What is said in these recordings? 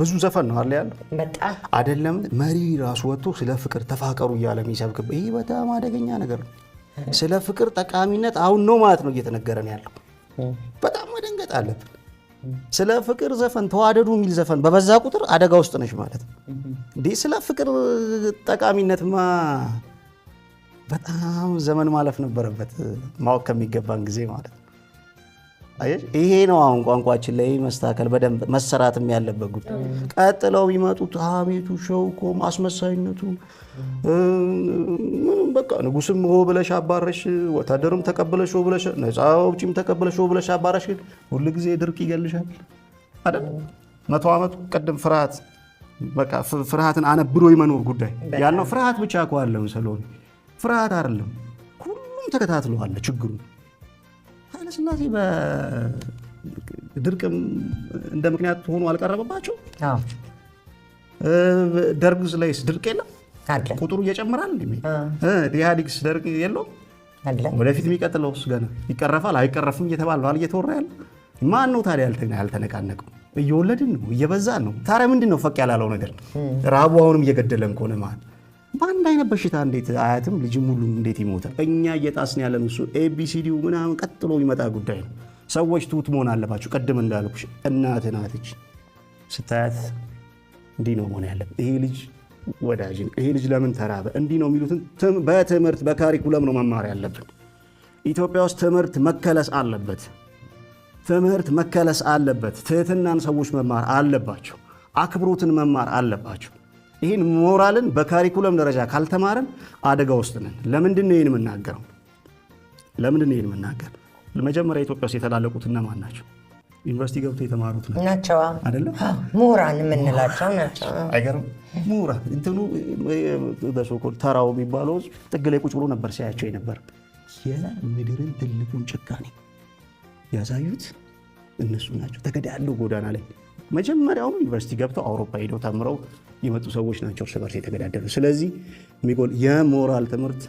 ብዙ ዘፈን ነው አለ ያለው አይደለም። መሪ ራሱ ወጥቶ ስለ ፍቅር ተፋቀሩ እያለ የሚሰብክ ይህ በጣም አደገኛ ነገር ነው። ስለ ፍቅር ጠቃሚነት አሁን ነው ማለት ነው እየተነገረን ያለው። በጣም መደንገጥ አለብን። ስለ ፍቅር ዘፈን ተዋደዱ የሚል ዘፈን በበዛ ቁጥር አደጋ ውስጥ ነች ማለት ነው። እንዲህ ስለ ፍቅር ጠቃሚነትማ በጣም ዘመን ማለፍ ነበረበት፣ ማወቅ ከሚገባን ጊዜ ማለት ነው። ይሄ ነው አሁን ቋንቋችን ላይ መስተካከል በደንብ መሰራትም ያለበት ጉዳይ። ቀጥለው የሚመጡት ሀሜቱ፣ ሸውኮ፣ ማስመሳይነቱ ምንም በቃ ንጉስም ሆ ብለሽ አባረሽ፣ ወታደርም ተቀበለሽ ሆ ብለሽ፣ ነፃ አውጪም ተቀበለሽ ሆ ብለሽ አባረሽ። ሁል ጊዜ ድርቅ ይገልሻል አይደል? መቶ ዓመቱ ቀደም ፍርሃት በቃ ፍርሃትን አነብሮ የመኖር ጉዳይ ያልነው ፍርሃት ብቻ እኮ አለ መሰለኝ። ፍርሃት አይደለም ሁሉም ተከታትለዋለ ችግሩ ኃይለሥላሴ በድርቅም እንደ ምክንያት ሆኖ አልቀረበባቸው። ደርግ ላይስ ድርቅ የለም ቁጥሩ እየጨምራል። ኢህአዲግስ ደርግ የለው ወደፊት የሚቀጥለውስ ገና ይቀረፋል አይቀረፍም እየተባለ እየተወራ ያለ ማን ነው ታዲያ ያልተነቃነቀው? እየወለድን ነው፣ እየበዛን ነው። ታዲያ ምንድን ነው ፈቅ ያላለው ነገር? ረሃቡ አሁንም እየገደለን ከሆነ መል በአንድ አይነት በሽታ እንዴት አያትም ልጅ ሙሉ እንዴት ይሞታል? እኛ እየጣስን ያለን እሱ ኤቢሲዲው ምናምን ቀጥሎ ይመጣ ጉዳይ ነው። ሰዎች ትሁት መሆን አለባቸው። ቅድም እንዳልኩሽ እናት ናትች ስታያት እንዲህ ነው መሆን ያለብን። ይሄ ልጅ ወዳጅ ነው፣ ይሄ ልጅ ለምን ተራበ፣ እንዲህ ነው የሚሉትን በትምህርት በካሪኩለም ነው መማር ያለብን። ኢትዮጵያ ውስጥ ትምህርት መከለስ አለበት። ትምህርት መከለስ አለበት። ትህትናን ሰዎች መማር አለባቸው። አክብሮትን መማር አለባቸው። ይህን ሞራልን በካሪኩለም ደረጃ ካልተማረን አደጋ ውስጥ ነን። ለምንድን ነው ይህን የምናገረው? ለምንድን ነው ይህን የምናገር? መጀመሪያ ኢትዮጵያ ውስጥ የተላለቁት እነማን ናቸው? ዩኒቨርሲቲ ገብቶ የተማሩት ናቸው አይደለም? ምሁራን የምንላቸው ናቸው። አይገርም? ምሁራን እንትኑ በሶኮል ተራው የሚባለው ጥግ ላይ ቁጭ ብሎ ነበር ሲያያቸው የነበር የምድርን ትልቁን ጭካኔ ያሳዩት እነሱ ናቸው። ያለው ጎዳና ላይ መጀመሪያውም ዩኒቨርሲቲ ገብተው አውሮፓ ሄደው ተምረው የመጡ ሰዎች ናቸው እርስ በርስ የተገዳደሉ። ስለዚህ ሚጎል የሞራል ትምህርት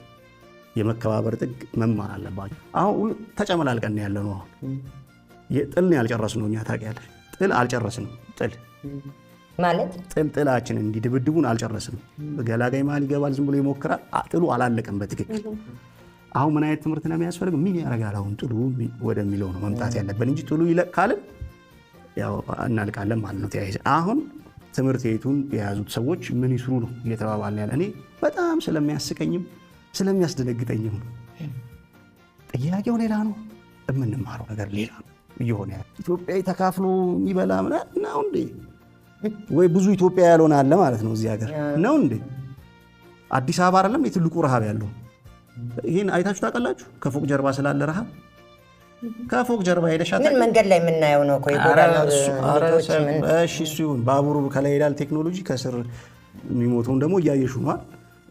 የመከባበር ጥግ መማር አለባቸው። አሁን ተጨመላልቀን ያለ ነው። አሁን ጥልን ያልጨረስ ነው እኛ ታውቂያለሽ፣ ጥል አልጨረስንም። ጥል ማለት ጥል ጥላችን እንዲህ ድብድቡን አልጨረስንም። ገላጋይ መሀል ይገባል፣ ዝም ብሎ ይሞክራል። ጥሉ አላለቀም በትክክል አሁን ምን አይነት ትምህርት ነው የሚያስፈልግ? ምን ያደርጋል አሁን ጥሉ ወደሚለው ነው መምጣት ያለብን እንጂ ጥሉ ይለቅ ካልን ያው እናልቃለን ማለት ነው። ተያይዘ አሁን ትምህርት ቤቱን የያዙት ሰዎች ምን ይስሩ ነው እየተባባለ ያለ። እኔ በጣም ስለሚያስቀኝም ስለሚያስደነግጠኝም ነው። ጥያቄው ሌላ ነው፣ የምንማረው ነገር ሌላ ነው እየሆነ ያለ። ኢትዮጵያ ተካፍሎ የሚበላ ምናምን ነው እንዴ? ወይ ብዙ ኢትዮጵያ ያልሆነ አለ ማለት ነው እዚህ ሀገር ነው እንዴ? አዲስ አበባ አይደለም የትልቁ ረሃብ ያለው ይህን አይታችሁ ታውቃላችሁ? ከፎቅ ጀርባ ስላለ ረሃብ ከፎቅ ጀርባ ሄደሽ ምን መንገድ ላይ የምናየው ነው? እሺ እሱ ይሁን። ባቡሩ ከላይ ሄዳል፣ ቴክኖሎጂ ከስር የሚሞተውን ደግሞ እያየሹ ሆኗል።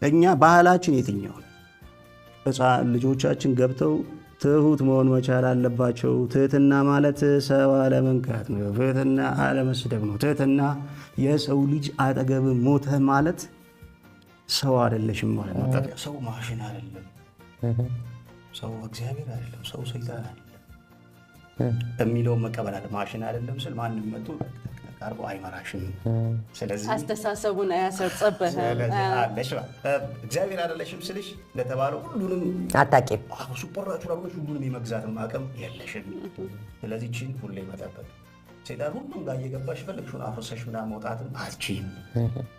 እኛ ባህላችን የትኛው ሕፃን ልጆቻችን ገብተው ትሁት መሆን መቻል አለባቸው። ትህትና ማለት ሰው አለመንካት ነው። ትህትና አለመስደብ ነው። ትህትና የሰው ልጅ አጠገብ ሞተ ማለት ሰው አይደለሽም ማለት ነው። ሰው ማሽን አይደለም። ሰው እግዚአብሔር አይደለም። ሰው ሰይጣን የሚለውን መቀበል አለ። ማሽን አይደለም ስል ማንም መጡ ቀርቦ አይመራሽም። ስለዚህ አስተሳሰቡን አያሰርጸበት እግዚአብሔር አይደለሽም ስልሽ እንደተባለው ሁሉንም አታውቂም። ሱፐራቹ ላሆች ሁሉንም የመግዛት አቅም የለሽም። ስለዚህ ችን ሁሌ መጠበቅ ሴጣን ሁሉም ጋር እየገባሽ ፈለግሽን አፍርሰሽ ምናምን መውጣትም አልችም።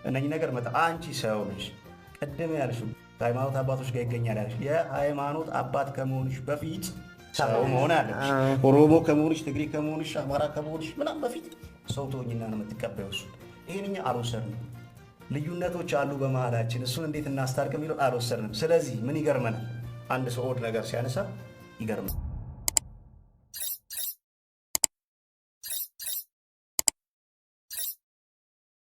እነኝ ነገር መጣ አንቺ ሰው ነሽ። ቅድም ያልሽው ከሃይማኖት አባቶች ጋር ይገኛል ያልሽ የሃይማኖት አባት ከመሆንሽ በፊት ሰው መሆን አለብሽ። ኦሮሞ ከመሆንሽ፣ ትግሬ ከመሆንሽ፣ አማራ ከመሆንሽ ምናምን በፊት ሰው ተወኝና ነው የምትቀበዩ። እሱ ይህን እኛ አልወሰድንም። ልዩነቶች አሉ በመሃላችን፣ እሱን እንዴት እናስታርቅ የሚለው አልወሰድንም። ስለዚህ ምን ይገርመናል? አንድ ሰው ኦድ ነገር ሲያነሳ ይገርመናል።